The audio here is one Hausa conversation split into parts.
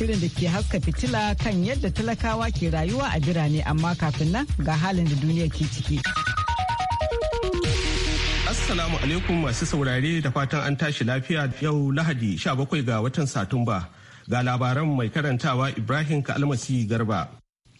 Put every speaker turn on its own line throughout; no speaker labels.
shirin da ke haska fitila kan yadda talakawa ke rayuwa a birane amma kafin nan ga halin da duniya ke ciki.
Assalamu alaikum masu saurare da fatan an tashi lafiya yau Lahadi 17 ga watan Satumba ga labaran mai karantawa Ibrahim Kalmasi Garba.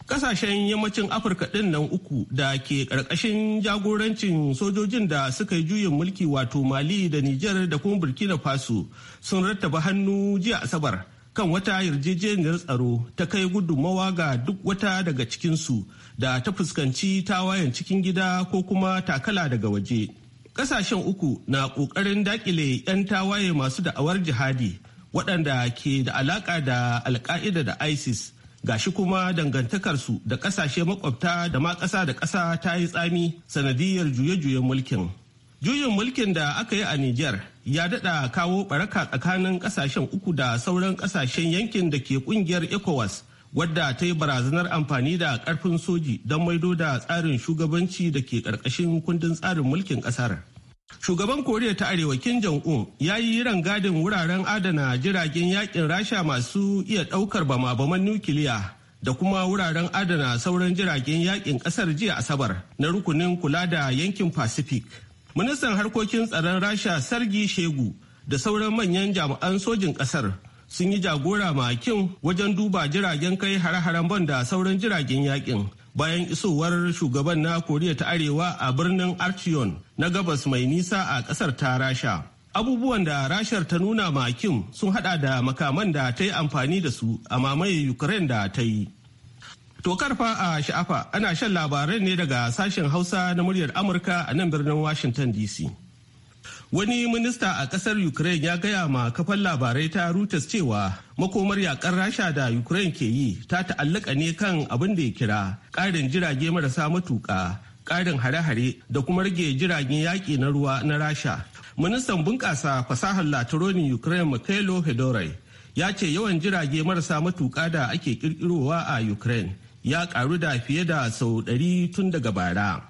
kasashen yammacin afirka ɗin nan uku da ke ƙarƙashin jagorancin sojojin da suka yi juyin mulki wato mali da nijar da kuma burkina faso sun rattaba hannu jiya asabar kan wata yarjejeniyar tsaro ta kai gudunmawa ga duk wata daga cikinsu da ta fuskanci tawayen cikin gida ko kuma takala daga waje. kasashen uku na ƙoƙarin dakile 'yan tawaye masu da'awar jihadi waɗanda ke da alaƙa da alka'ida da ISIS gashi kuma dangantakarsu da ƙasashe makwabta da ma ƙasa da ƙasa ta yi tsami sanadiyar juye-juyen mulkin. Juyin mulkin da aka yi a Nijar ya daɗa kawo baraka tsakanin ƙasashen uku da sauran ƙasashen yankin da ke kungiyar ECOWAS wadda ta yi barazanar amfani da ƙarfin soji don maido da tsarin shugabanci da ke karkashin kundin tsarin mulkin ƙasar. Shugaban Koriya ta Arewa Kim Jong-un ya yi rangadin wuraren adana jiragen yakin Rasha masu iya daukar bama-baman nukiliya da kuma wuraren adana sauran jiragen yakin kasar jiya Asabar na rukunin kula da yankin Pacific. ministan harkokin tsaron rasha sargi shegu da sauran manyan jami'an sojin kasar sun yi jagora makin wajen duba jiragen kai hare-haren ban da sauran jiragen yakin bayan isowar shugaban na koriya ta arewa a birnin archeon na gabas mai nisa a kasar ta rasha abubuwan da rashar ta nuna makin sun hada da makaman da ta yi amfani da su a mamaye ukraine da ta yi Tokar fa a sha'afa ana shan labarai ne daga sashen Hausa na muryar Amurka a nan birnin Washington DC. Wani minista a kasar Ukraine ya gaya ma kafan labarai ta Reuters cewa makomar yakar Rasha da Ukraine ke yi ta ta'allaka ne kan abin da ya kira ƙarin jirage marasa matuƙa, ƙarin hare-hare da kuma rage jiragen yaƙi na ruwa na Rasha. Ministan bunƙasa fasahar Latironin Ukraine Mikhailo Hedorai ya ce yawan jirage marasa matuƙa da ake ƙirƙirowa a Ukraine ya karu da fiye da sau 100 tun daga bara.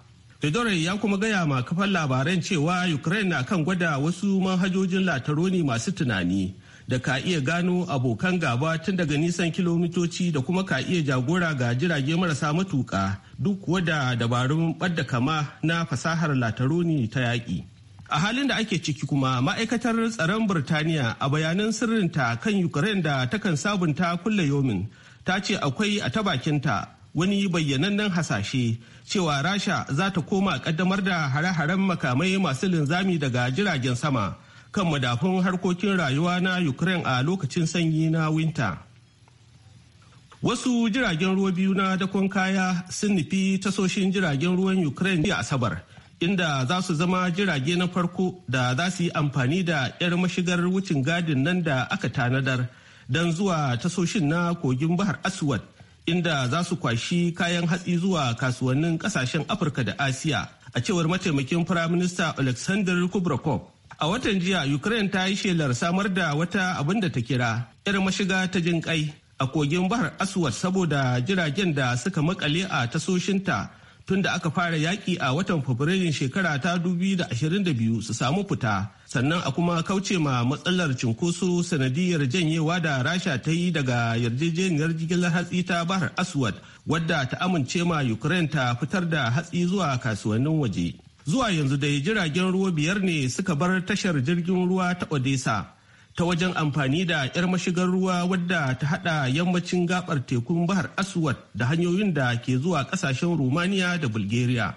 Fedorov ya kuma gaya ma kafan labaran cewa Ukraine na kan gwada wasu manhajojin lataroni masu tunani da ka iya gano abokan gaba tun daga nisan kilomitoci da kuma ka iya jagora ga jirage marasa matuka duk wada dabarun ɓadda kama na fasahar lataroni ta yaƙi. a halin da ake ciki kuma ma'aikatar tsaron birtaniya a bayanan sirrinta kan ukraine da takan sabunta kulle yomin ta ce akwai a ta bakinta wani bayyanannen hasashe cewa rasha za ta koma kaddamar da hare-haren makamai masu linzami daga jiragen sama kan madafun harkokin rayuwa na ukraine a lokacin sanyi na winta wasu jiragen ruwa biyu na dakon kaya sun nufi tasoshin jiragen ruwan ukraine a asabar inda za su zama jirage na farko da za su yi amfani da 'yar mashigar wucin gadin nan da aka tanadar don zuwa tasoshin na kogin bahar aswad inda za su kwashi kayan hatsi zuwa kasuwannin kasashen afirka da asiya a cewar mataimakin firaminista alexander kubrakov a watan jiya ukraine ta yi shelar samar da wata abin da ta kira Yar mashiga ta jin kai a kogin bahar aswad saboda jiragen da suka makale a tasoshinta tun da aka fara yaƙi a watan fabrairun shekara ta biyu su samu fita sannan a kuma kauce ma matsalar cinkoso sanadiyar janyewa da rasha ta yi daga yarjejeniyar jigilar hatsi ta bahar aswad wadda ta amince ma ukraine ta fitar da hatsi zuwa kasuwannin waje zuwa yanzu dai jiragen ruwa biyar ne suka bar tashar jirgin ruwa ta odessa ta wajen amfani da 'yar mashigar ruwa wadda ta hada yammacin gabar tekun bahar aswad da hanyoyin da ke zuwa kasashen romania da bulgaria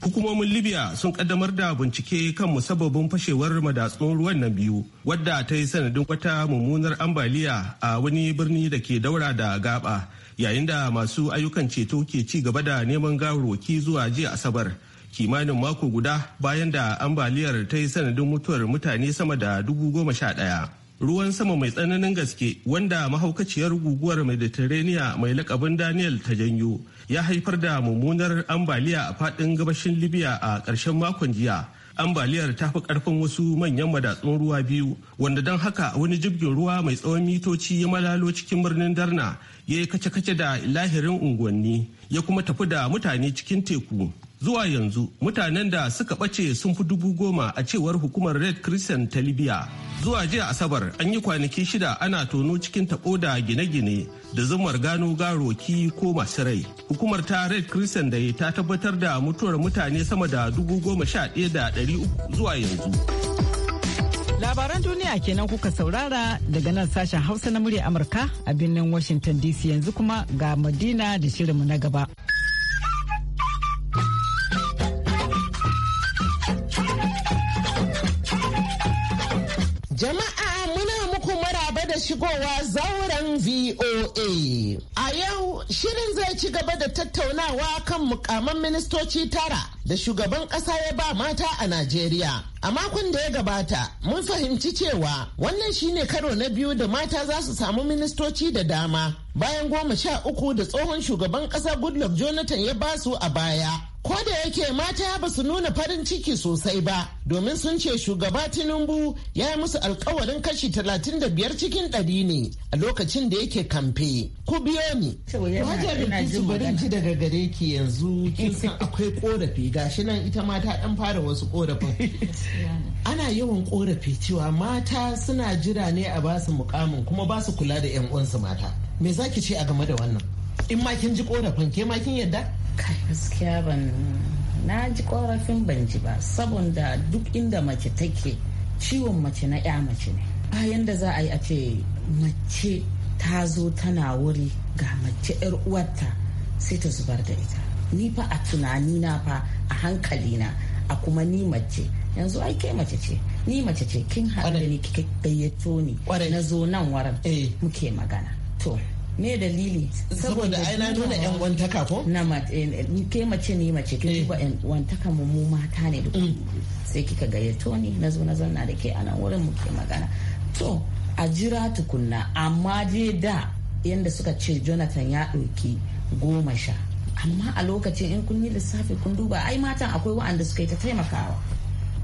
hukumomin libya sun kaddamar da bincike kan musabbabin fashewar madatsun ruwan na biyu wadda ta yi sanadin wata mummunar ambaliya a wani birni da ke daura da gaba yayin da masu ayyukan ceto ke ci gaba da neman gawarwaki zuwa jiya asabar kimanin mako guda bayan da ambaliyar ta yi sanadin mutuwar mutane sama da dubu goma sha ɗaya. Ruwan sama mai tsananin gaske wanda mahaukaciyar guguwar Mediterranean mai lakabin Daniel ta janyo ya haifar da mummunar ambaliya a faɗin gabashin Libya a ƙarshen makon jiya. ambaliyar ta fi karfin wasu manyan madatsun ruwa biyu wanda don haka wani jibgin ruwa mai tsawon mitoci ya malalo cikin birnin darna ya yi kace-kace da lahirin unguwanni ya kuma tafi da mutane cikin teku zuwa yanzu mutanen da suka ɓace sun fi dubu goma a cewar hukumar red christian ta libya zuwa jiya asabar an yi kwanaki shida ana tono cikin taɓo da gine-gine da zumar gano garoki ko masu rai hukumar ta red christian da ta tabbatar da mutuwar mutane sama da dubu goma sha ɗaya da ɗari uku zuwa yanzu Labaran
duniya kenan kuka saurara daga nan sashen Hausa na murya Amurka a birnin Washington DC yanzu kuma ga Madina da shirinmu na gaba.
Jama'a muna muku maraba da shigowa za VOA. A yau shirin zai ci gaba da tattaunawa kan mukaman ministoci tara da shugaban ƙasa ya ba mata a Najeriya. A makon da ya gabata, mun fahimci cewa wannan shine karo na biyu da mata za su samu ministoci da dama bayan goma sha uku da tsohon shugaban ƙasa Goodluck Jonathan ya basu a baya. Ko da yake mata ba su nuna farin ciki sosai ba, domin sun ce shugaba Tinubu ya yi musu alkawarin kashi 35 cikin 100 ne a lokacin da yake kamfe. Ku biyo ni. barin daga gare yanzu kin akwai korafi gashi nan ita mata fara wasu korafin. Ana yawan korafi cewa mata suna jira ne a basu mukamin kuma ba su kula da 'yan uwansu mata. Me zaki ce a game
da wannan? In ma kin ji korafin ke ma kin yadda? kai gaskiya ban na ji korafin ban ji ba saboda duk inda mace take ciwon mace na ya mace ne bayan da za a yi a ce mace ta zo tana wuri ga mace yar uwarta sai ta zubar da ita ni fa a tunani na fa a hankali na a kuma ni mace yanzu ai kai mace ce ni mace ce kin haɗa ne kika gayyato ni na zo nan waran eh. muke magana to me dalili saboda ai na nuna yan wantaka ko na eh, eh, ke mace ne mace ke eh. ba yan wantaka mu mu mata ne duk mm. sai kika gayyato ni na zo na zanna da ke a nan wurin muke magana to a jira tukunna amma je da yanda suka ce jonathan ya ɗauki goma sha amma a lokacin in kun yi lissafi kun duba ai matan akwai wa'anda suka yi ta taimakawa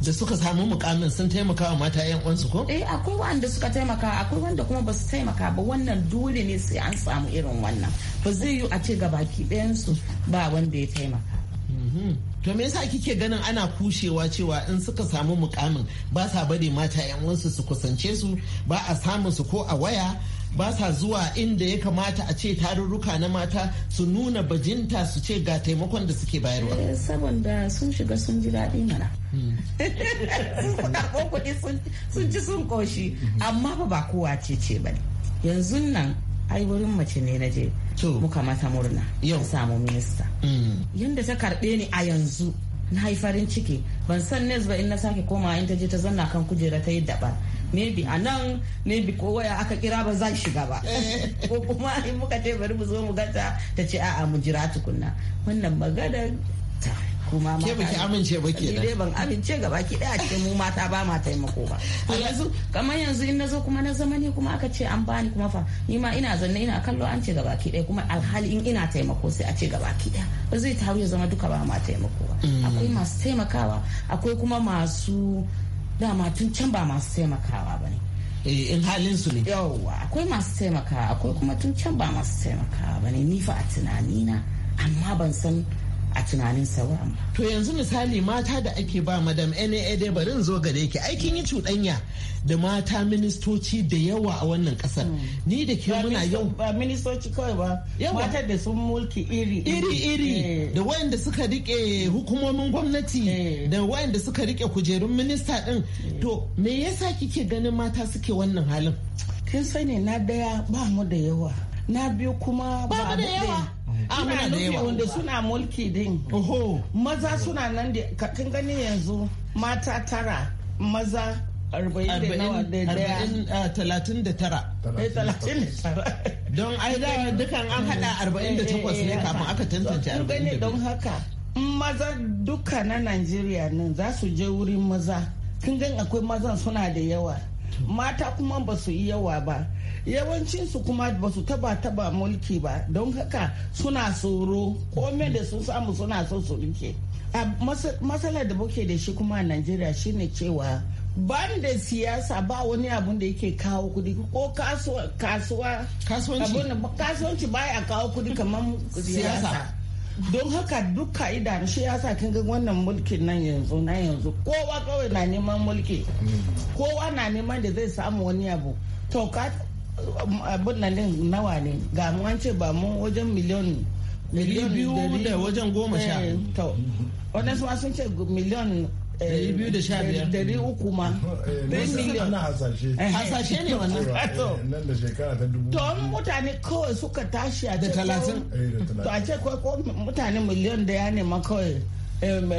da suka samu mukamin sun taimaka wa mata yan uwansu ko eh akwai wanda suka taimaka akwai wanda kuma basu taimaka ba wannan dole ne sai an samu irin wannan ba zai yi a ce ga ɗayan su ba wanda ya taimaka mhm. to me
yasa kike ganin ana kushewa cewa in suka samu mukamin ba sa bari mata yan uwansu su kusance su ba a samun su ko a waya ba sa zuwa inda ya kamata a ce tarurruka na mata su nuna bajinta su ce ga taimakon da suke bayarwa eh, saboda
sun shiga sun ji daɗi mana hmm. sun karɓo kuɗi sun ji sun koshi hmm. amma fa ba kowa ce ce ba yanzu nan ai wurin mace ne na je muka mata murna yau samu minista hmm. yanda ta karɓe ni a yanzu na yi ciki ban san nes ba in na sake koma in ta je ta zanna kan kujera ta yi daɓar maybe a nan maybe ko waya aka kira ba zan shiga ba eh. ko kuma in muka ce bari mu zo mu gata ta ce a'a mu jira tukunna wannan magana ta kuma ma. ke baki amince ba ke dai ban amince gaba ki daya ce mu mata ba ma taimako ba a yanzu kamar yanzu in nazo kuma na zama ne kuma aka ce an bani kuma fa ni ma ina zanne ina kallo an ce ga baki daya kuma alhali in ina taimako sai a ce ga baki daya ba zai taru ya zama duka ba ma taimako ba mm. akwai masu taimakawa akwai kuma masu dama tun can ba masu taimakawa ba ne eh, in halin su ne yawwa akwai masu taimakawa akwai kuma tun can ba masu taimakawa ba ne nifa fa a tunanina amma ban san a tunanin sauran ba. To yanzu
misali mata da ake ba madam NAA dai bari in zo gare ki aikin yi cuɗanya da mata ministoci da yawa a wannan ƙasar. Hmm. Ni da ke muna yau. Ba ministoci kawai ba. Mata da sun mulki iri. Iri iri eh. da wayanda suka rike hukumomin gwamnati eh. da wayanda suka rike kujerun minista ɗin. Eh. To me yasa kike ganin mata suke wannan halin? Kin sani na daya ba mu da yawa. Na biyu kuma
ba mu da yawa.
ina nufi wanda
suna mulki din maza suna nan da kan gani yanzu mata tara maza
talatin da tara don ai da dukan an hada arba'in da takwas ne eh, eh, eh, kafin aka tantance arba'in da don haka maza duka
na najeriya nan za su je wurin maza kin gan akwai mazan suna da yawa mata kuma ba su yi yawa ba su kuma ba su taba taba mulki ba don haka suna tsoro komai da sun samu suna so su rike matsalar da muke da shi kuma a najeriya shine cewa ban da siyasa ba wani abun da yake kawo kudi ko kasuwa kasuwanci ya kawo kudi kamar siyasa don haka duka idanu shi ya sa kin ga wannan mulkin nan yanzu na yanzu kowa kawai na neman mulki mm. kowa na neman da zai samu wani abu to abin nan din nawa ne ga mu an ce ba mu wajen miliyon miliyon biyu da wajen goma sha eh, to wadansu ma sun ce miliyon eh, biyu biyar dari uku ma dari eh, miliyon hasashe ne wannan
nan da shekara ta dubu to
mutane kawai suka tashi a da talatin to a ce ko mutane miliyon da ya nema kawai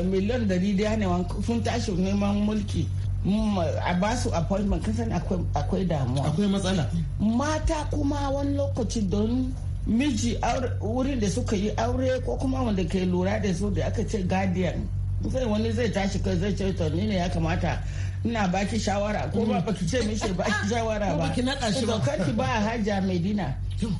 miliyon dari da ya nema sun tashi neman mulki Mm, a ba su appointment kasan akwai damuwa akwai matsala mata kuma wani lokaci don miji wurin da suka yi aure ko kuma wanda ke lura da su da aka ce guardian zai wani zai tashi kai zai ce to ni ne ya kamata ina baki shawara ko ba mm. baki ce mishi baki shawara ba ki naka shi ba kanki ba hajja medina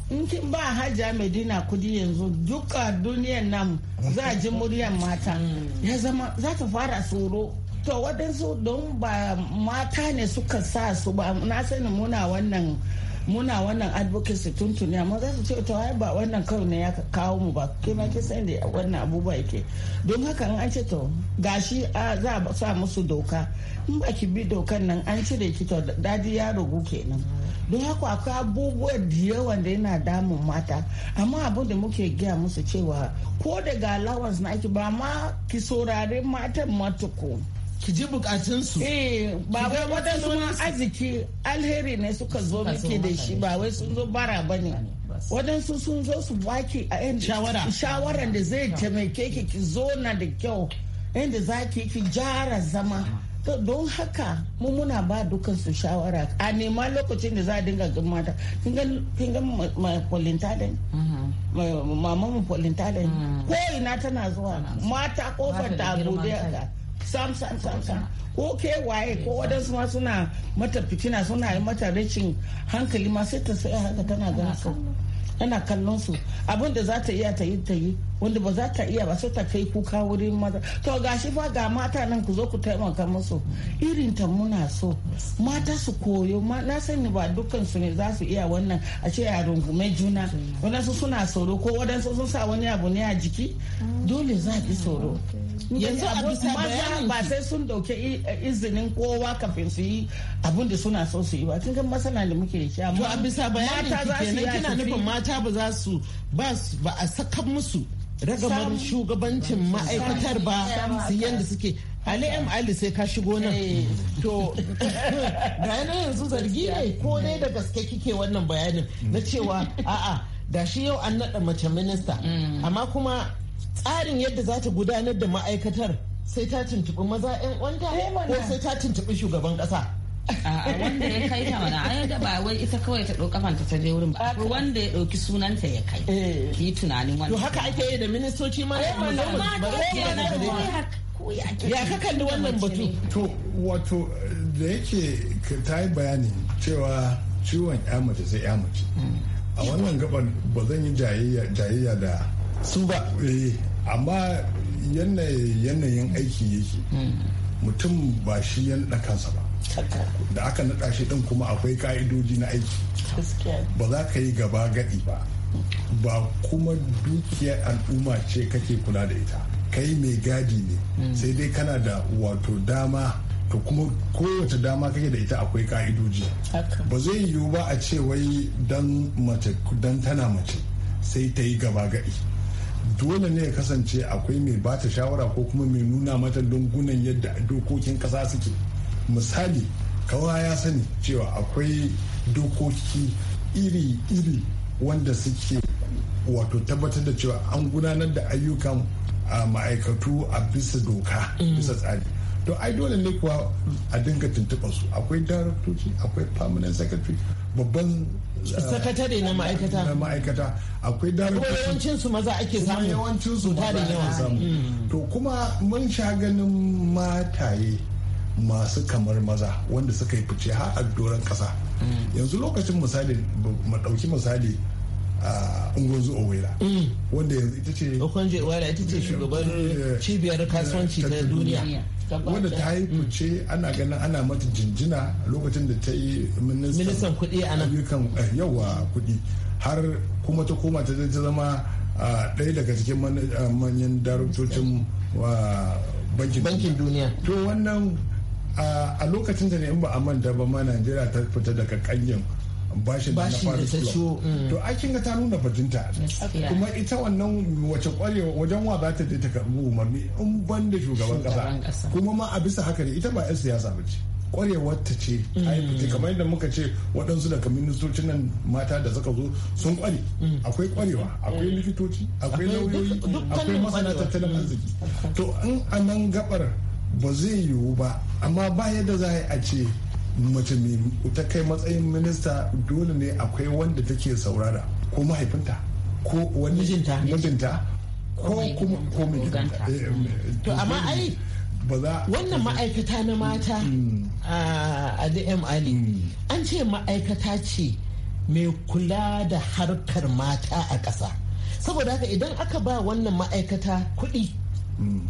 in kin ba hajja medina kudi yanzu duka duniyan nan za a ji muryan mata mm. ya zama za ta fara tsoro to waɗansu don ba mata ne suka sa su ba na sani muna wannan muna wannan advocacy tuntuni amma za su ce to ai ba wannan kawai ne ya kawo mu ba ke ma ke san da wannan abubuwa yake don haka an ce to gashi za a sa musu doka in ba ki bi dokan nan an cire ki to dadi ya ragu kenan don haka akwai abubuwa da yawa da yana damun mata amma abin da muke gaya musu cewa ko daga allowance na ki ba ma ki saurari matan matuku ki ji bukatun su eh ba wai wadansu ma arziki alheri ne suka zo miki da shi ba wai sun zo bara bane wadansu sun zo su baki a yan shawara shawaran da zai taimake ki ki zo na da kyau yadda za ki ki jara zama don haka mu muna ba dukan su shawara a nema lokacin da za a dinga gan mata kin ga kwalinta da mama mu ko ina tana zuwa mata kofar ta abu sam sam sam sam ko ke waye ko wadansu ma suna mata fitina suna yi mata rashin hankali ma sai ta sai haka tana ganin su tana kallon su abin da za ta iya ta yi ta yi wanda ba za ta iya ba sai ta kai kuka wurin maza to ga shi fa ga mata nan ku zo ku taimaka musu irin ta muna so mata su koyo ma na sani ba dukkan su ne za su iya wannan a ce a rungume juna wadansu suna tsoro ko wadansu sun sa wani abu ne a jiki dole za ki tsoro yanzu abota maza ba sai sun dauke eh, izinin kowa kafin su yi abin da suna so
su yi ba tun kan masana da muke da shi amma a bisa bayanin kenan kina nufin mata ba za su ba a saka musu ragamar shugabancin ma'aikatar ba su yadda suke Ali M. Ali sai ka shigo nan. Eh. To, ga yanzu zargi ne ko dai da gaske kike wannan bayanin na cewa a'a da shi yau an naɗa mace minista mm. amma kuma tsarin yadda za ta gudanar da ma'aikatar sai ta tuntuɓi maza 'yan wanta eh, ko sai ta tuntuɓi shugaban ƙasa. wanda ya kai ta mana ai
da ba wai ita kawai ta ɗauka kafanta ta je wurin ba wanda ya ɗauki sunanta ya kai eh. ki tunanin wannan. To haka ake yi da ministoci ma eh, ya kai ba ya ka kalli wannan batu. To wato da yake ta yi bayani
cewa ciwon ya mace sai ya mace. Hmm. A wannan gaban ba zan yi jayayya da su ba amma yanayin aiki yake hmm. mutum ba shi ya kansa ba da aka naɗa shi ɗin kuma akwai ka'idoji na aiki ba za ka yi gaba gaɗi ba ba kuma dukiyar al'umma ce kake kula da ita kai mai gadi ne hmm. sai dai kana da wato dama to kuma kowace dama kake da ita akwai ka'idoji ba zai yiwu ba a ce wai don tana mace sai ta yi gaba gaɗi dole ne ya kasance akwai mai ba ta shawara ko kuma mai nuna mata lungunan yadda dokokin kasa suke misali kawai ya sani cewa akwai dokoki iri-iri wanda suke wato tabbatar da cewa an gudanar da ayyukan ma'aikatu a bisa doka mm. bisa tsari to ai dole ne kuwa a dinga tuntuɓa su akwai daraktoci akwai permanent secretary babban sakatare na ma'aikata na ma'aikata akwai daraktoci yawancin su maza ake samu yawancin su maza ake samu mm. to kuma mun sha ganin mataye masu kamar maza wanda suka yi fice har a doron kasa mm. yanzu lokacin misali mu ɗauki misali ungozu owera mm. wanda yanzu ita ce okonjo ita ce shugaban cibiyar kasuwanci ta duniya wanda ta haihu ce ana ganin ana mata jinjina lokacin da ta yi ministan kudi a nan eh, yawa kudi har kuma ta koma ta zama ɗaya daga cikin manyan daraktocin bankin duniya to wannan a lokacin da ne in ba a manta ba ma najeriya ta fita daga kanyan bashin da na mm. To ai kin ga ta nuna bajinta kuma ita wannan wace kwarewa wajen wa za ta je ta karbi umarni in ban da shugaban kasa. Kuma ma a bisa haka ne ita ba 'yan siyasa ba ce. kwarewar ta ce aiki mm. kamar yadda muka ce waɗansu daga ministocin nan mata da suka zo sun kware mm. akwai kwarewa akwai likitoci akwai lauyoyi akwai masana tattalin arziki to in a nan gabar ba zai yiwu ba amma ba yadda za a ce mace mai ta kai matsayin minista dole ne akwai wanda take saurara ko mahaifinta ko wani mijinta
ko kuma
ko eh, eh, to amma ai
wannan ma'aikata na mata a dm mm. ah, ali mm. an ce ma'aikata ce mai kula da harkar mata a ƙasa saboda haka idan aka ba wannan ma'aikata kuɗi mm.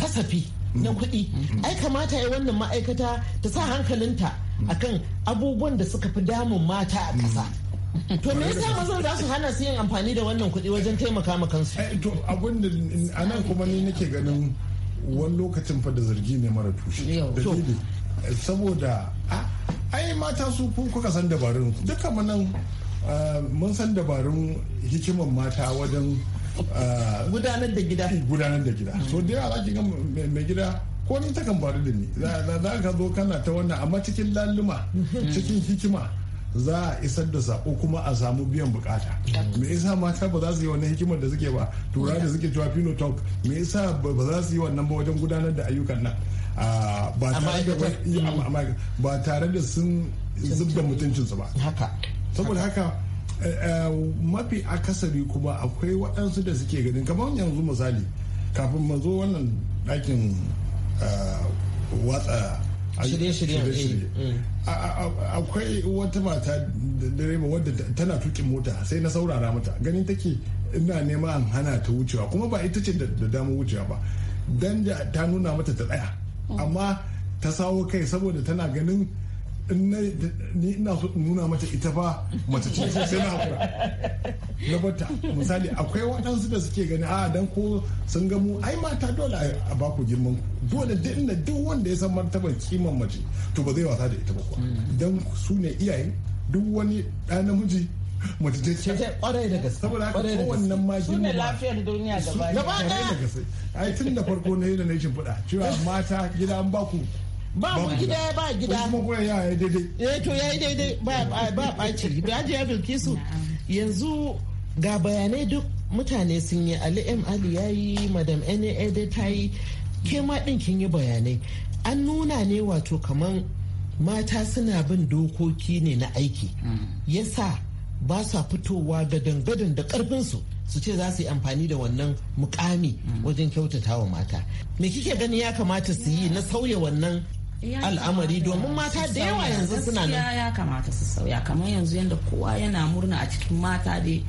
kasafi na kuɗi ai kamata ya wannan ma'aikata ta sa hankalinta akan abubuwan da suka fi damun mata a ƙasa to me yasa maza za su hana su yin amfani da wannan
kuɗi wajen taimaka ma kansu eh, to abun da anan kuma ni nake ganin wani lokacin fa da zargi ne mara tushe eh, saboda ai mata su kuka san dabarun duka nan eh, mun san dabarun hikiman mata wajen gudanar da gida gudanar da gida so da yawa za ki ga mai gida ko ni takan faru da ni za ka zo kana ta wannan amma cikin lalluma cikin hikima za a isar da sako kuma a samu biyan bukata me yasa mata ba za su yi wannan hikimar da suke ba tura da suke cewa pino talk me yasa ba za su yi wannan ba wajen gudanar da ayyukan nan ah, ba tare da sun zub mutuncinsu ba saboda haka eh, eh, mafi akasari kuma akwai waɗansu da suke ganin kamar yanzu misali kafin mazo wannan ɗakin Uh, watsa eh, mm. akwai wata mata direba wadda tana tukin mota sai na saurara mata ganin take ina nema an hana ta wucewa kuma ba ita ce da dama wucewa ba dan ta nuna mata ta tsaya mm. amma ta sawo kai saboda tana ganin ni ina so in nuna mata ita ba mace ce sai na hakura na bata misali akwai waɗansu da suke gani a ah, dan ko sun ga mu ai mata dole a ba ku girman dole da inda duk wanda ya san martaban kiman mace to ba zai wasa da ita ba kuwa dan su ne iyaye duk wani ɗa namiji mace ce ce kwarai da gaske saboda haka kowannan ma su ne lafiyar
duniya gaba ɗaya da
gaske ai tun da farko na yi da na fuda. cewa mata gida an ba ku ba mu gida ba gida kuma kuma ya yi daidai eh to ya
yi daidai ba ba ɓaci gajiya bilkisu yanzu ga bayanai duk mutane sun yi ali m ali ya yi madam na da ta yi ke ma din kin yi bayanai an nuna ne wato kaman mata suna bin dokoki ne na aiki mm. yasa ba sa fitowa da gadon da karfinsu su ce za su yi amfani da wannan mukami mm. wajen kyautatawa mata me kike gani ya kamata su yi na sauya wannan al'amari domin mata da yawa yanzu suna nan
ya kamata su sauya kamar yanzu yadda kowa yana murna a cikin mata dai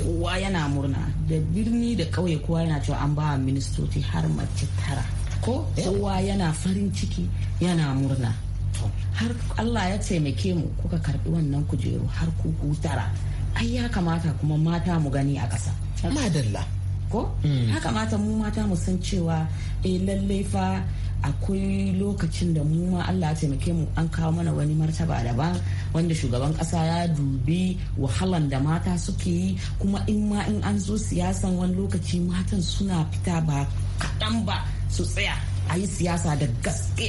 kowa yana murna da birni da ƙauye kowa yana cewa an ba ministoci har mace tara ko kowa yana farin ciki yana murna har Allah ya taimake mu kuka karbi wannan kujeru har ku tara ai ya kamata kuma mata mu gani a ƙasa madalla ko mm. ya kamata mu mata mu san cewa eh lallai fa akwai lokacin da mu ma Allah ya taimake mu an kawo mana wani martaba daban wanda shugaban kasa ya dubi wahalan da mata suke yi kuma in ma in an zo siyasan wani lokaci matan suna fita ba kaɗan ba su tsaya a yi siyasa da gaske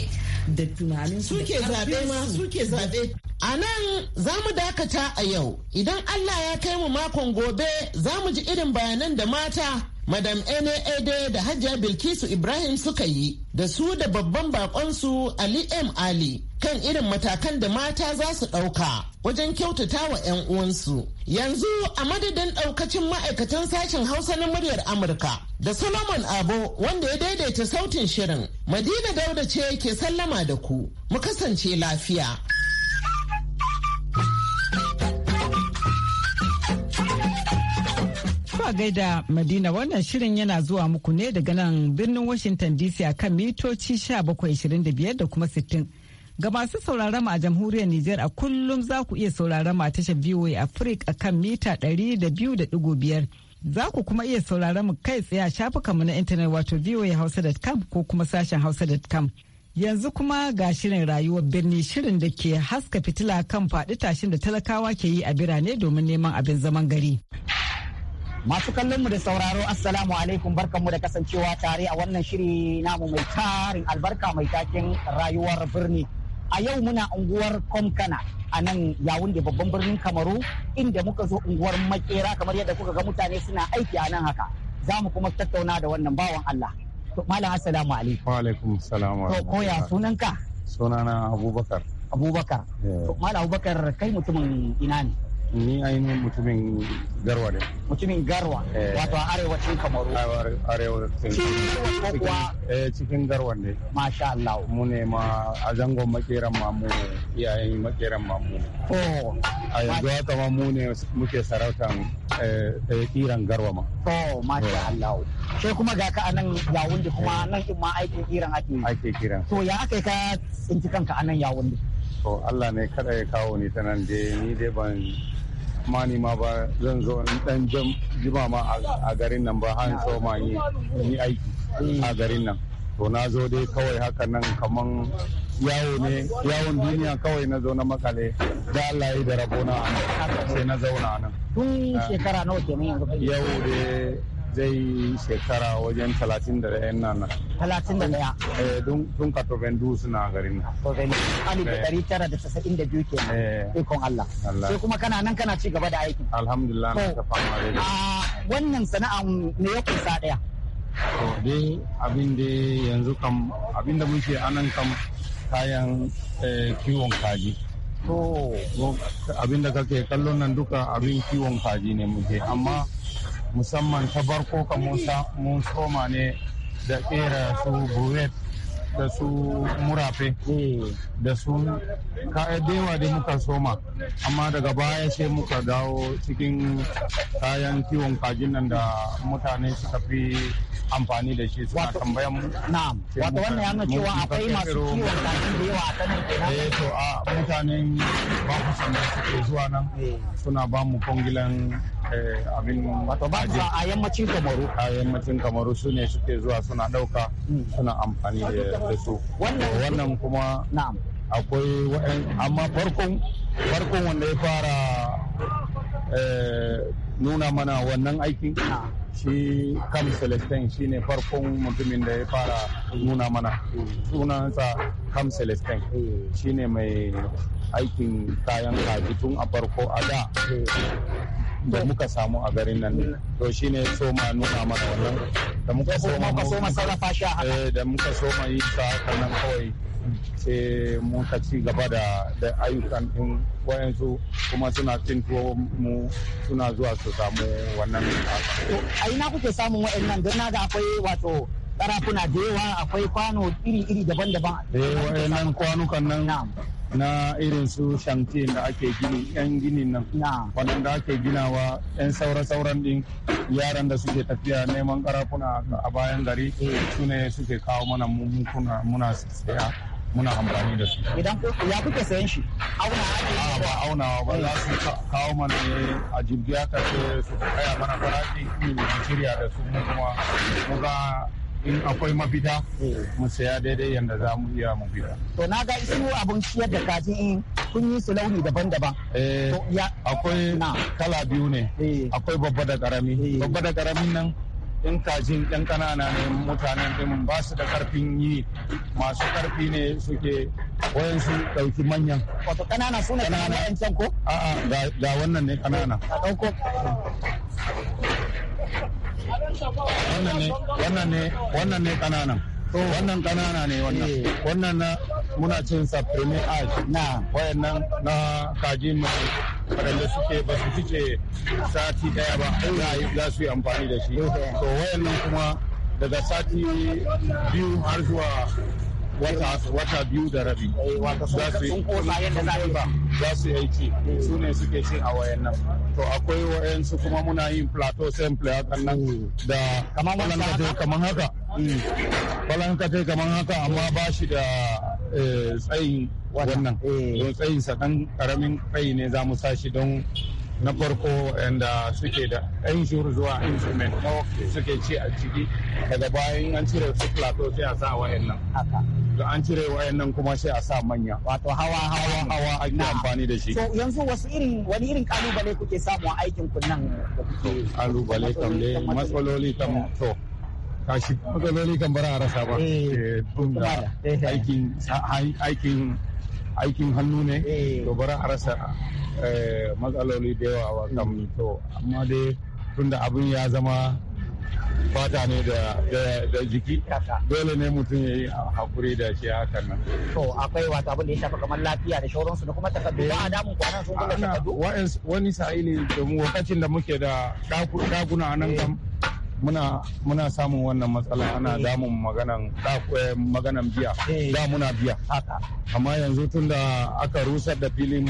da tunanin su suke zaɓe ma suke zaɓe a
nan za mu dakata a yau idan Allah ya kai mu makon gobe za mu ji irin bayanan da mata Madam Ene Ede da Hajiya Bilkisu Ibrahim suka yi da su da babban bakonsu Ali M. Ali kan irin matakan da mata za su ɗauka wajen kyautata wa 'yan uwansu. Yanzu a madadin ɗaukacin ma'aikatan sashen Hausa na muryar Amurka da Solomon Abo wanda ya daidaita sautin shirin. Madina Dauda ce ke sallama da ku. Mu kasance lafiya.
To gaida Madina wannan shirin yana zuwa muku ne daga nan birnin Washington DC a kan mitoci 1725 da kuma 60. Ga masu sauraron a jamhuriyar niger a kullum za ku iya sauraron a tashar VOA Africa a kan mita 200.5. Za ku kuma iya sauraron mu kai tsaye a shafukanmu na intanet wato hausa.com ko kuma sashen hausa.com. Yanzu kuma ga shirin rayuwar birni shirin da ke haska fitila kan faɗi tashin da talakawa ke yi a birane domin neman abin zaman gari. Masu
kallon mu da sauraro Assalamu alaikum barkanmu da kasancewa tare a wannan shiri namu mai tarin albarka mai taken rayuwar birni. A yau muna unguwar Komkana a nan yawun da babban birnin Kamaru inda muka zo unguwar Makera kamar yadda kuka ga mutane suna aiki a nan haka. Za mu kuma tattauna da wannan bawan Allah. Malam Assalamu alaikum. Wa alaikum salam. sunanka? Sunana Abubakar. Abubakar. Malam Abubakar kai mutumin ina ne? Ni ainihin mutumin Garwa ne. Mutumin Garwa,
eh. wato a arewacin Kamaru. Arewacin Kamaru. Eh, cikin Garwa eh, ne. Masha Allah. Mu ne ma a zangon makeran mamu iyayen makeran mamu. Oh. A yanzu haka ma mu ne muke sarautan kiran Garwa
ma. Oh, Masha Allah. Sai kuma ga ka anan yawun da kuma nan ma aikin kiran ake. Ake kiran. To ya aka ka tsinci kanka anan yawun
to Allah ne kada ya kawo ni ta nan dai ni dai ban ma ni ma ba zan zo dan jima ma a garin nan ba har so ma ni aiki a garin nan to na zo dai kawai haka nan kaman yawo ne yawon duniya kawai na zo na makale da Allah ya da rabona sai na zauna nan
tun shekara nawa kenan yanzu yawo
dai zai shekara wajen 31 nan. 31? Eh, dun ka Tobendu suna garin.
Tobendu, alif da eh. ɗari tara da casa'in da biyu kenan. Eh. Ikon Allah. Allah. Sai kuma kana nan kana ci gaba da aiki.
Alhamdulillah na ta fama da
Wannan sana'a ne ya kusa ɗaya?
To dai abin da yanzu kam abin da muke anan kam kayan eh, kiwon kaji. To. Abin da kake kallon nan duka abin kiwon kaji ne muke amma. musamman ta barko ka musa mun soma ne da kera su buret da su murafe da su dewa da muka soma amma daga baya sai muka dawo cikin kayan kiwon kajin nan da mutane suka fi amfani da shi suna tambayan mu na'am wato wannan da yawa a kanin kenan eh, ba suke zuwa nan eh. suna ba mu kongilan Eh, abin a yammacin kamaru a yammacin kamaru su ne suke zuwa suna ɗauka hmm. suna amfani da su wannan kuma akwai amma farkon farkon wanda ya fara eh, nuna mana wannan aikin shi kam celestin shi ne farkon mutumin da ya fara nuna mana sunansa kam celestin shi ne mai aikin kayan kaji tun a farko a da da muka samu a garin nan to shi ne soma nuna mana wannan da muka soma sarrafa shi eh, da muka soma yi sa nan kawai sai mun ka ci gaba da ayyukan ɗin wayansu kuma suna cin tuwo mu suna zuwa su samu wannan
a ina kuke samun wayannan don na ga akwai wato karafuna da yawa akwai kwano iri-iri daban-daban eh wayannan kwanukan nan
na irin su shanti da ake gini yan ginin nan da ake ginawa yan saura-sauran din yaran da suke tafiya neman karafuna a bayan gari eh. su ne suke kawo mana muna saya muna amfani da su idan
ya kuke sayan shi
auna ba aunawa ba za su kawo mana ne a jirgiya ka ce su kaya mana farashi mu shirya da su mu kuma mu ga in akwai mafita mu saya daidai yadda za mu iya fita.
To na ga su abun ciyar da kaji in kun yi su launi
daban-daban. Eh akwai kala biyu ne eh. akwai babba da karami eh. babba da karamin nan in kajin ɗan ƙanana ne mutanen ɗin ba su da ƙarfin yi masu ƙarfi ne suke wayan su ɗauki manyan.
Wato ƙanana su ne ƙanana 'yan can ko?
A'a ga wannan ne ƙanana. A ɗauko. Wannan ne, wannan ne, wannan ne ƙananan. wannan kanana ne wannan eh, wannan na muna cin sa premier na wayannan na kaji mai wadanda suke ba su fice sati daya ba za su yi amfani da shi to wayannan kuma daga sati biyu har zuwa wata biyu da rabi eh, za su yi za su yi ci su ne suke cin a wayan nan to akwai wayansu kuma muna yin plateau sample hakan nan hmm. da kamar haka Balan ka tai kamar haka amma ba shi da eh, tsayin wannan. Eh. Don tsayin sa ɗan ƙaramin kai ne za mu sa shi don na farko yadda suke da ɗan shuru zuwa instrument suke ci a ciki daga bayan an cire su plateau sai a sa wayan nan da an cire wayan nan kuma sai a sa manya wato hawa hawa hawa ake amfani da shi so
yanzu wasu irin wani irin kalubale kuke samu a aikin ku nan
kalubale kam dai matsaloli kam to kashi matsaloli kan bara a rasa ba eh, eh, tunda eh. aikin aikin hannu ne to bara a rasa matsaloli da yawa ba kam to amma dai tunda abin ya zama fata ne da jiki dole ne mutum ya yi hakuri
da shi hakan nan. To akwai wata abin da ya shafa kamar lafiya da shauransu da kuma takardu ba a damun
kwanan sun kula takardu. Wani sa'ili domin lokacin da muke da dakuna nan kam muna samun wannan matsala ana eh. damun maganan maganan biya eh. da muna biya amma yanzu tun da aka rusar da filin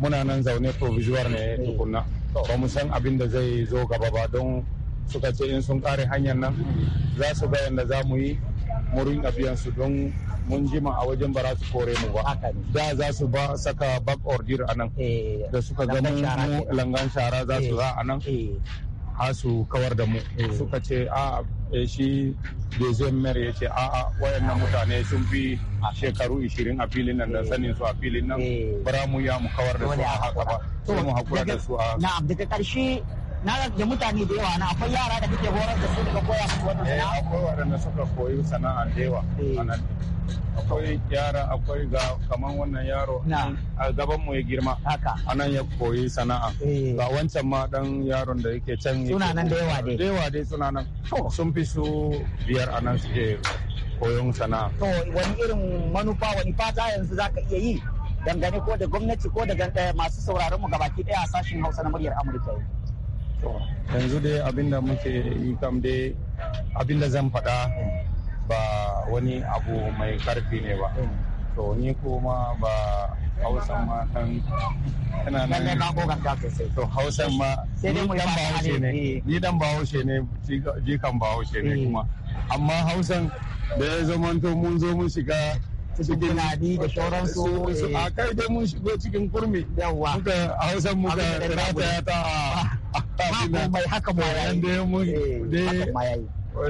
muna nan zaune provisual ne eh. tukunna ba mu san abin da zai zo gaba ba don suka ce in sun kare hanyar nan za su ga yadda za mu yi mu rinka biyan su don mun jima a wajen ba za su kore mu ba da za su ba saka back order a nan da suka gani langan shara za su za a nan a su kawar da mu eh. suka ce a eh, shi dezem mere ya ce a na mutane sun fi shekaru 20 a filin nan da sanin su a filin nan eh. bara mu ya mu kawar da su
a
haka ba mu hakura da su a na daga karshe na da mutane da yawa na akwai yara da kake horar da su daga koya musu wannan eh, sana'a akwai waɗanda suka koyi sana'a da yawa eh.
akwai yara akwai ga kaman wannan yaro a gaban mu ya girma haka anan ya koyi sana'a eh. ga wancan ma dan yaron da yake can suna nan da yawa dai da yawa dai suna nan sun fi su biyar anan suke koyon sana'a to
wani irin manufa wani fata yanzu zaka iya yi dangane ko da gwamnati ko da masu sauraron mu gabaki daya a sashen Hausa na muryar Amurka
yanzu dai abinda muke yi kam dai abinda zan faɗa ba wani abu mai karfi ne ba to ni kuma ba hausan ma kan kana nan to hausan ma ni dan bahaushe ne ni dan bahaushe ne ba bahaushe ne eh. kuma amma hausan da ya zama to mun zo mun shiga cikin nadi da sauransu a kai dai mun shigo cikin kurmi muka hausan muka rataya ta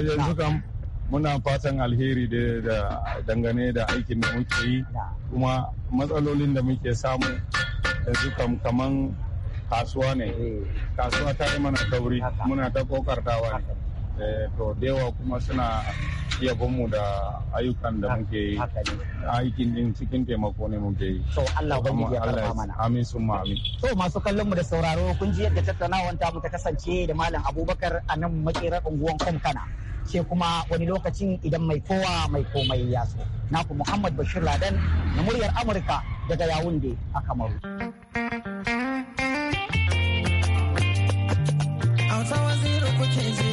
yanzu kam muna fatan alheri da dangane da aikin da muke yi kuma matsalolin da muke samu yanzu kam kaman kasuwa ne eh. kasuwa ta yi mana kauri muna ta kokartawa ne eh, to dewa kuma suna mu da ayyukan da ah, muke yi aikin din cikin taimako ne muke yi to Allah ya mana amin amin
to masu kallon mu da sauraro kun ji yadda tattaunawar ta mu ta kasance da malam Abubakar a nan makerar unguwan Kankana sai kuma wani lokacin idan mai kowa mai komai ya so naku Muhammad Bashir Ladan na muryar Amurka daga Yaounde a Kamaru Hausa waziri kuke
ji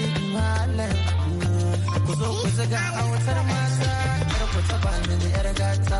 ku zo ku zaga a wutar mata kar ku taba mini yar gata